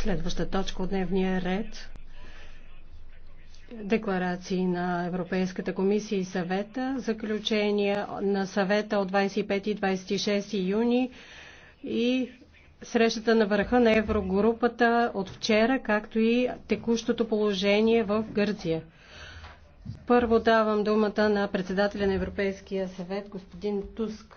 Следваща точка от дневния ред декларации на Европейската комисия и съвета, заключения на съвета от 25 и 26 юни и срещата на върха на Еврогрупата от вчера, както и текущото положение в Гърция. Първо давам думата на председателя на Европейския съвет, господин Туск.